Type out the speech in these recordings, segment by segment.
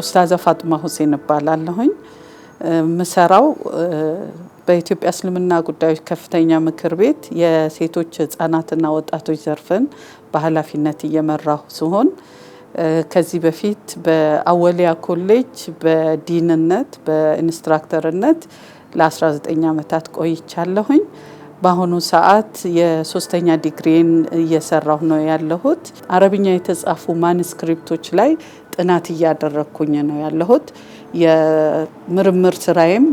ኡስታዘ ፋጡማ ሁሴን እባላለሁኝ። ምሰራው በኢትዮጵያ እስልምና ጉዳዮች ከፍተኛ ምክር ቤት የሴቶች ህጻናትና ወጣቶች ዘርፍን በኃላፊነት እየመራሁ ሲሆን ከዚህ በፊት በአወሊያ ኮሌጅ በዲንነት በኢንስትራክተርነት ለ19 ዓመታት ቆይቻለሁኝ። በአሁኑ ሰዓት የሶስተኛ ዲግሪን እየሰራሁ ነው ያለሁት። አረብኛ የተጻፉ ማንስክሪፕቶች ላይ ጥናት እያደረግኩኝ ነው ያለሁት። የምርምር ስራዬም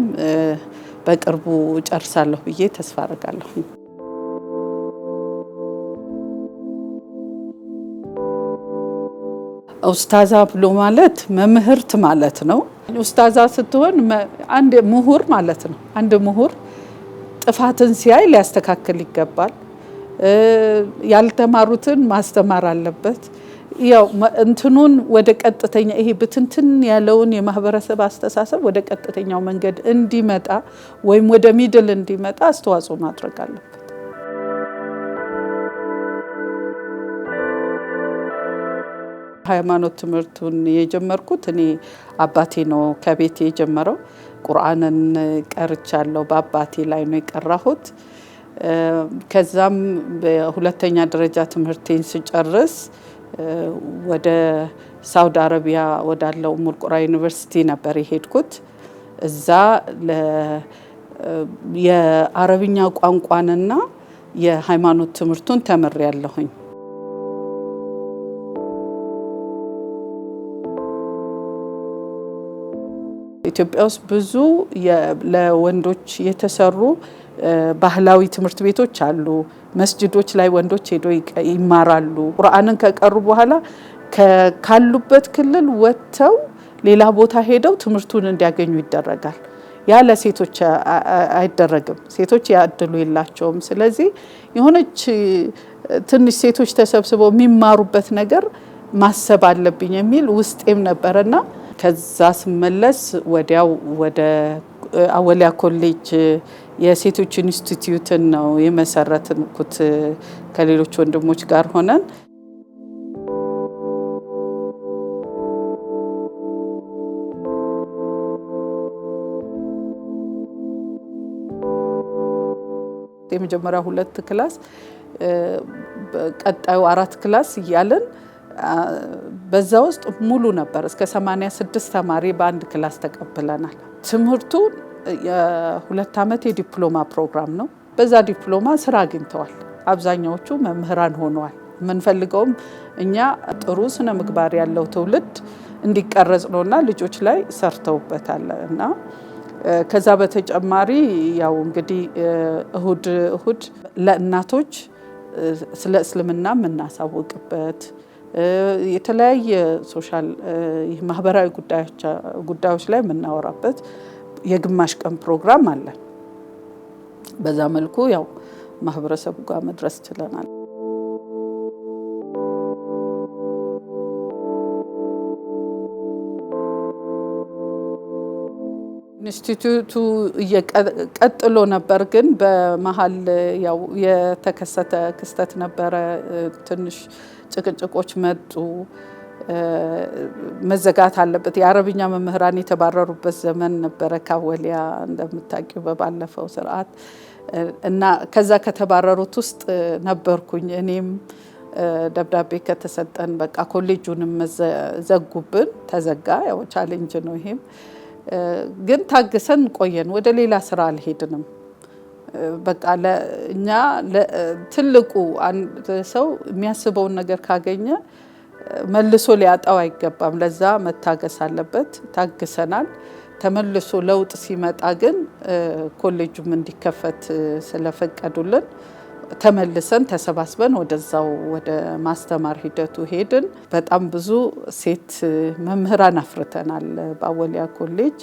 በቅርቡ ጨርሳለሁ ብዬ ተስፋ አድርጋለሁ። ኡስታዛ ብሎ ማለት መምህርት ማለት ነው። ኡስታዛ ስትሆን አንድ ምሁር ማለት ነው። አንድ ምሁር ጥፋትን ሲያይ ሊያስተካክል ይገባል። ያልተማሩትን ማስተማር አለበት። ያው እንትኑን ወደ ቀጥተኛ ይሄ ብትንትን ያለውን የማህበረሰብ አስተሳሰብ ወደ ቀጥተኛው መንገድ እንዲመጣ ወይም ወደ ሚድል እንዲመጣ አስተዋጽኦ ማድረግ አለበት። ሃይማኖት ትምህርቱን የጀመርኩት እኔ አባቴ ነው ከቤቴ የጀመረው። ቁርአንን ቀርቻለሁ። በአባቴ ላይ ነው የቀራሁት። ከዛም በሁለተኛ ደረጃ ትምህርቴን ስጨርስ ወደ ሳውዲ አረቢያ ወዳለው ሙልቁራ ዩኒቨርሲቲ ነበር የሄድኩት። እዛ የአረብኛ ቋንቋንና የሃይማኖት ትምህርቱን ተምር ያለሁኝ ኢትዮጵያ ውስጥ ብዙ ለወንዶች የተሰሩ ባህላዊ ትምህርት ቤቶች አሉ። መስጅዶች ላይ ወንዶች ሄዶ ይማራሉ። ቁርአንን ከቀሩ በኋላ ካሉበት ክልል ወጥተው ሌላ ቦታ ሄደው ትምህርቱን እንዲያገኙ ይደረጋል። ያ ለሴቶች አይደረግም። ሴቶች ያድሉ የላቸውም። ስለዚህ የሆነች ትንሽ ሴቶች ተሰብስበው የሚማሩበት ነገር ማሰብ አለብኝ የሚል ውስጤም ነበረና ከዛ ስመለስ ወዲያው ወደ አወሊያ ኮሌጅ የሴቶች ኢንስቲትዩትን ነው የመሰረትኩት ከሌሎች ወንድሞች ጋር ሆነን። የመጀመሪያ ሁለት ክላስ፣ ቀጣዩ አራት ክላስ እያለን በዛ ውስጥ ሙሉ ነበር። እስከ 86 ተማሪ በአንድ ክላስ ተቀብለናል። ትምህርቱ የሁለት ዓመት የዲፕሎማ ፕሮግራም ነው። በዛ ዲፕሎማ ስራ አግኝተዋል። አብዛኛዎቹ መምህራን ሆነዋል። የምንፈልገውም እኛ ጥሩ ስነ ምግባር ያለው ትውልድ እንዲቀረጽ ነውና ልጆች ላይ ሰርተውበታል እና ከዛ በተጨማሪ ያው እንግዲህ እሁድ እሁድ ለእናቶች ስለ እስልምና የምናሳውቅበት የተለያየ ሶሻል ማህበራዊ ጉዳዮች ላይ የምናወራበት የግማሽ ቀን ፕሮግራም አለን። በዛ መልኩ ያው ማህበረሰቡ ጋር መድረስ ችለናል። ኢንስቲትዩቱ ቀጥሎ ነበር፣ ግን በመሀል ያው የተከሰተ ክስተት ነበረ። ትንሽ ጭቅጭቆች መጡ። መዘጋት አለበት። የአረብኛ መምህራን የተባረሩበት ዘመን ነበረ ካወሊያ እንደምታውቂው በባለፈው ስርዓት እና ከዛ ከተባረሩት ውስጥ ነበርኩኝ እኔም። ደብዳቤ ከተሰጠን በቃ ኮሌጁንም ዘጉብን፣ ተዘጋ። ያው ቻሌንጅ ነው ይሄም ግን ታግሰን ቆየን። ወደ ሌላ ስራ አልሄድንም። በቃ እኛ ትልቁ አንድ ሰው የሚያስበውን ነገር ካገኘ መልሶ ሊያጣው አይገባም። ለዛ መታገስ አለበት። ታግሰናል። ተመልሶ ለውጥ ሲመጣ ግን ኮሌጁም እንዲከፈት ስለፈቀዱልን ተመልሰን ተሰባስበን ወደዛው ወደ ማስተማር ሂደቱ ሄድን። በጣም ብዙ ሴት መምህራን አፍርተናል በአወሊያ ኮሌጅ።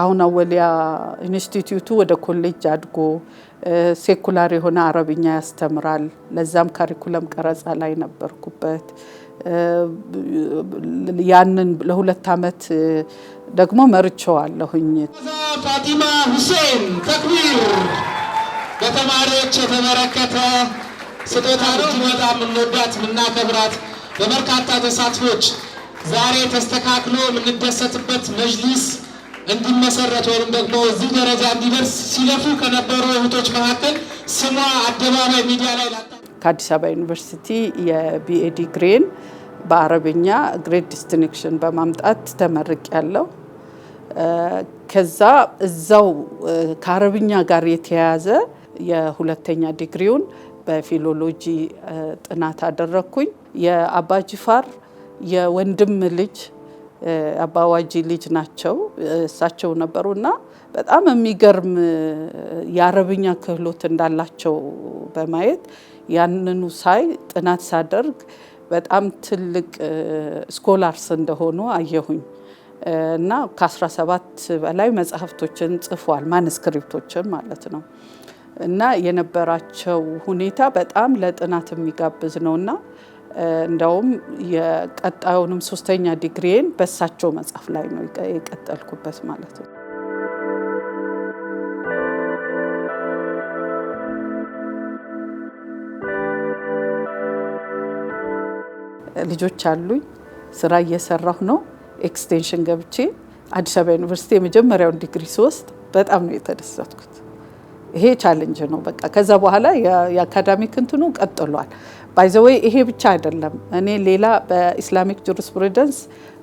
አሁን አወሊያ ኢንስቲትዩቱ ወደ ኮሌጅ አድጎ ሴኩላር የሆነ አረብኛ ያስተምራል። ለዛም ካሪኩለም ቀረጻ ላይ ነበርኩበት። ያንን ለሁለት ዓመት ደግሞ መርቸዋለሁኝ። ፋቲማ ሁሴን ተክቢር በተማሪዎች የተበረከተ ስጦታ እጅግ በጣም የምንወዳት የምናከብራት በበርካታ ተሳትፎች ዛሬ ተስተካክሎ የምንደሰትበት መጅሊስ እንዲመሰረት ወይም ደግሞ እዚህ ደረጃ እንዲደርስ ሲለፉ ከነበሩ እህቶች መካከል ስሟ አደባባይ ሚዲያ ላይ ከአዲስ አበባ ዩኒቨርሲቲ የቢኤ ዲግሪን በአረብኛ ግሬት ዲስቲንክሽን በማምጣት ተመርቅ ያለው ከዛ እዛው ከአረብኛ ጋር የተያያዘ የሁለተኛ ዲግሪውን በፊሎሎጂ ጥናት አደረግኩኝ። የአባጅፋር የወንድም ልጅ አባዋጂ ልጅ ናቸው እሳቸው ነበሩ እና በጣም የሚገርም የአረብኛ ክህሎት እንዳላቸው በማየት ያንኑ ሳይ ጥናት ሳደርግ በጣም ትልቅ ስኮላርስ እንደሆኑ አየሁኝ እና ከ17 በላይ መጽሐፍቶችን ጽፏል ማንስክሪፕቶችን ማለት ነው። እና የነበራቸው ሁኔታ በጣም ለጥናት የሚጋብዝ ነው እና እንደውም የቀጣዩንም ሶስተኛ ዲግሪን በሳቸው መጽሐፍ ላይ ነው የቀጠልኩበት ማለት ነው። ልጆች አሉኝ። ስራ እየሰራሁ ነው። ኤክስቴንሽን ገብቼ አዲስ አበባ ዩኒቨርሲቲ የመጀመሪያውን ዲግሪ ስወስድ በጣም ነው የተደሰትኩት። ይሄ ቻሌንጅ ነው። በቃ ከዛ በኋላ የአካዳሚክ እንትኑ ቀጥሏል። ባይዘወይ ይሄ ብቻ አይደለም። እኔ ሌላ በኢስላሚክ ጁሪስፕሩደንስ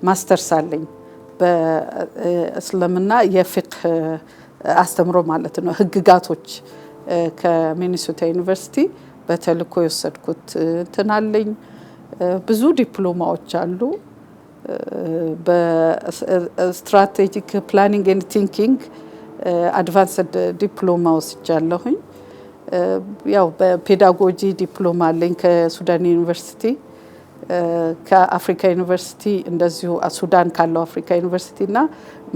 ማስተርስ አለኝ በእስልምና የፊቅህ አስተምሮ ማለት ነው ህግጋቶች ከሚኒሶታ ዩኒቨርሲቲ በተልእኮ የወሰድኩት እንትን አለኝ። ብዙ ዲፕሎማዎች አሉ። በስትራቴጂክ ፕላኒንግ ኤንድ ቲንኪንግ አድቫንስድ ዲፕሎማ ወስጃለሁኝ። ያው በፔዳጎጂ ዲፕሎማ አለኝ ከሱዳን ዩኒቨርሲቲ፣ ከአፍሪካ ዩኒቨርሲቲ እንደዚሁ ሱዳን ካለው አፍሪካ ዩኒቨርሲቲ እና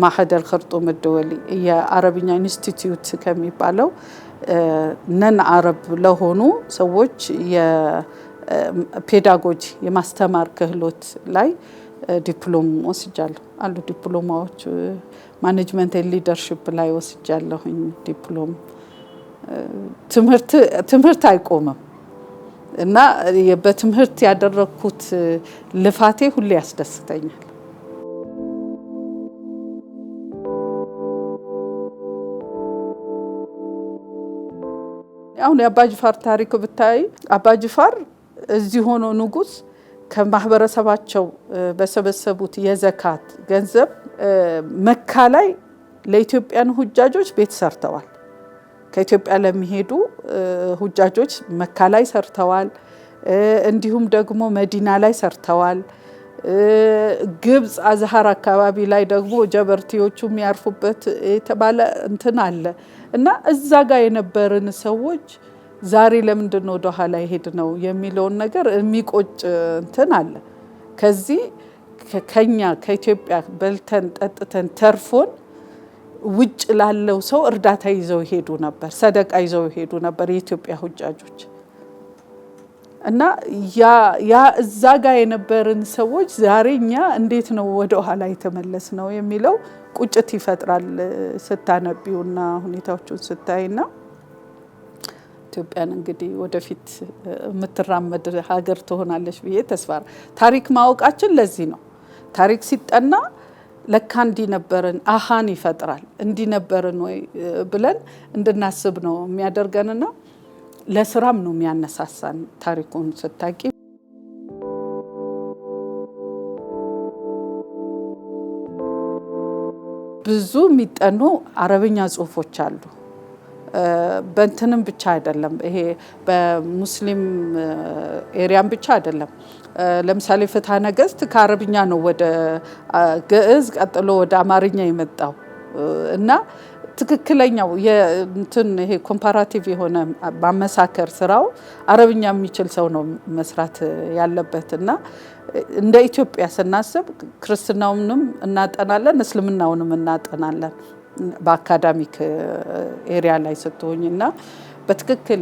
ማህደር ከርጡም ደወሊ የአረብኛ ኢንስቲትዩት ከሚባለው ነን አረብ ለሆኑ ሰዎች የፔዳጎጂ የማስተማር ክህሎት ላይ ዲፕሎም ወስጃለሁ። አሉ ዲፕሎማዎች ማኔጅመንት ሊደርሽፕ ላይ ወስጃለሁኝ ዲፕሎም። ትምህርት አይቆምም እና በትምህርት ያደረግኩት ልፋቴ ሁሌ ያስደስተኛል። አሁን የአባጅፋር ታሪክ ብታይ አባጅፋር እዚህ ሆኖ ንጉሥ ከማህበረሰባቸው በሰበሰቡት የዘካት ገንዘብ መካ ላይ ለኢትዮጵያን ሁጃጆች ቤት ሰርተዋል። ከኢትዮጵያ ለሚሄዱ ሁጃጆች መካ ላይ ሰርተዋል። እንዲሁም ደግሞ መዲና ላይ ሰርተዋል። ግብፅ አዝሀር አካባቢ ላይ ደግሞ ጀበርቲዎቹ የሚያርፉበት የተባለ እንትን አለ እና እዛ ጋር የነበርን ሰዎች ዛሬ ለምንድን ነው ወደኋላ የሄድ ነው የሚለውን ነገር የሚቆጭ እንትን አለ ከዚህ ከኛ ከኢትዮጵያ በልተን ጠጥተን ተርፎን ውጭ ላለው ሰው እርዳታ ይዘው ይሄዱ ነበር፣ ሰደቃ ይዘው ይሄዱ ነበር የኢትዮጵያ ሁጃጆች እና ያ እዛ ጋር የነበርን ሰዎች ዛሬ እኛ እንዴት ነው ወደ ኋላ የተመለስ ነው የሚለው ቁጭት ይፈጥራል። ስታነቢውና ሁኔታዎቹን ስታይና ኢትዮጵያን እንግዲህ ወደፊት የምትራመድ ሀገር ትሆናለች ብዬ ተስፋ ታሪክ ማወቃችን ለዚህ ነው። ታሪክ ሲጠና ለካ እንዲነበርን አሃን ይፈጥራል። እንዲነበርን ወይ ብለን እንድናስብ ነው የሚያደርገንና ለስራም ነው የሚያነሳሳን። ታሪኩን ስታቂ ብዙ የሚጠኑ አረብኛ ጽሁፎች አሉ። በእንትንም ብቻ አይደለም። ይሄ በሙስሊም ኤሪያም ብቻ አይደለም። ለምሳሌ ፍትሐ ነገሥት ከአረብኛ ነው ወደ ግዕዝ ቀጥሎ ወደ አማርኛ የመጣው እና ትክክለኛው እንትን ይሄ ኮምፓራቲቭ የሆነ ማመሳከር ስራው አረብኛ የሚችል ሰው ነው መስራት ያለበት እና እንደ ኢትዮጵያ ስናስብ ክርስትናውንም እናጠናለን፣ እስልምናውንም እናጠናለን። በአካዳሚክ ኤሪያ ላይ ስትሆኝ እና በትክክል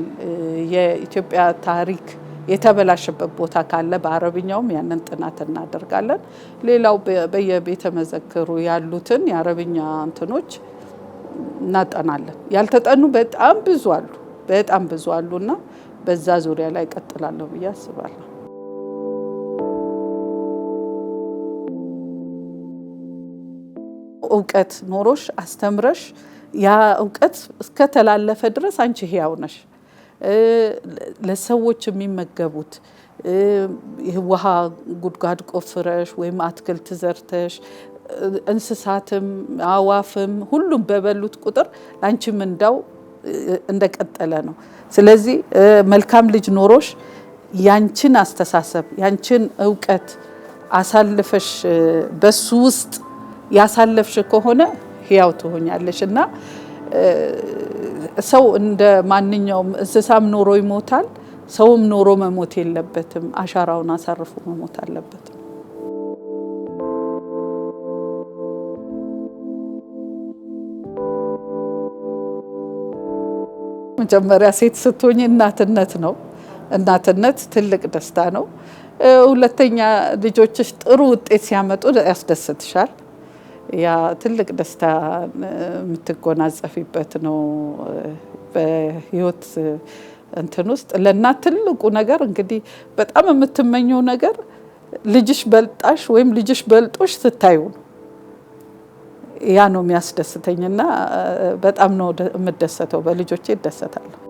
የኢትዮጵያ ታሪክ የተበላሸበት ቦታ ካለ በአረብኛውም ያንን ጥናት እናደርጋለን። ሌላው በየቤተ መዘክሩ ያሉትን የአረብኛ እንትኖች እናጠናለን። ያልተጠኑ በጣም ብዙ አሉ፣ በጣም ብዙ አሉ እና በዛ ዙሪያ ላይ ቀጥላለሁ ብዬ አስባለሁ። እውቀት ኖሮሽ አስተምረሽ ያ እውቀት እስከተላለፈ ድረስ አንቺ ህያው ነሽ። ለሰዎች የሚመገቡት ውሃ ጉድጓድ ቆፍረሽ ወይም አትክልት ዘርተሽ እንስሳትም አዋፍም ሁሉም በበሉት ቁጥር ለአንቺም እንዳው እንደቀጠለ ነው። ስለዚህ መልካም ልጅ ኖሮሽ ያንቺን አስተሳሰብ ያንቺን እውቀት አሳልፈሽ በሱ ውስጥ ያሳለፍሽ ከሆነ ህያው ትሆኛለሽ እና ሰው እንደ ማንኛውም እንስሳም ኖሮ ይሞታል። ሰውም ኖሮ መሞት የለበትም። አሻራውን አሳርፎ መሞት አለበትም። መጀመሪያ ሴት ስትሆኝ እናትነት ነው። እናትነት ትልቅ ደስታ ነው። ሁለተኛ ልጆችሽ ጥሩ ውጤት ሲያመጡ ያስደስትሻል። ያ ትልቅ ደስታ የምትጎናጸፊበት ነው። በህይወት እንትን ውስጥ ለእናት ትልቁ ነገር እንግዲህ በጣም የምትመኘው ነገር ልጅሽ በልጣሽ ወይም ልጅሽ በልጦሽ ስታዩ ነው። ያ ነው የሚያስደስተኝና በጣም ነው የምደሰተው። በልጆቼ እደሰታለሁ።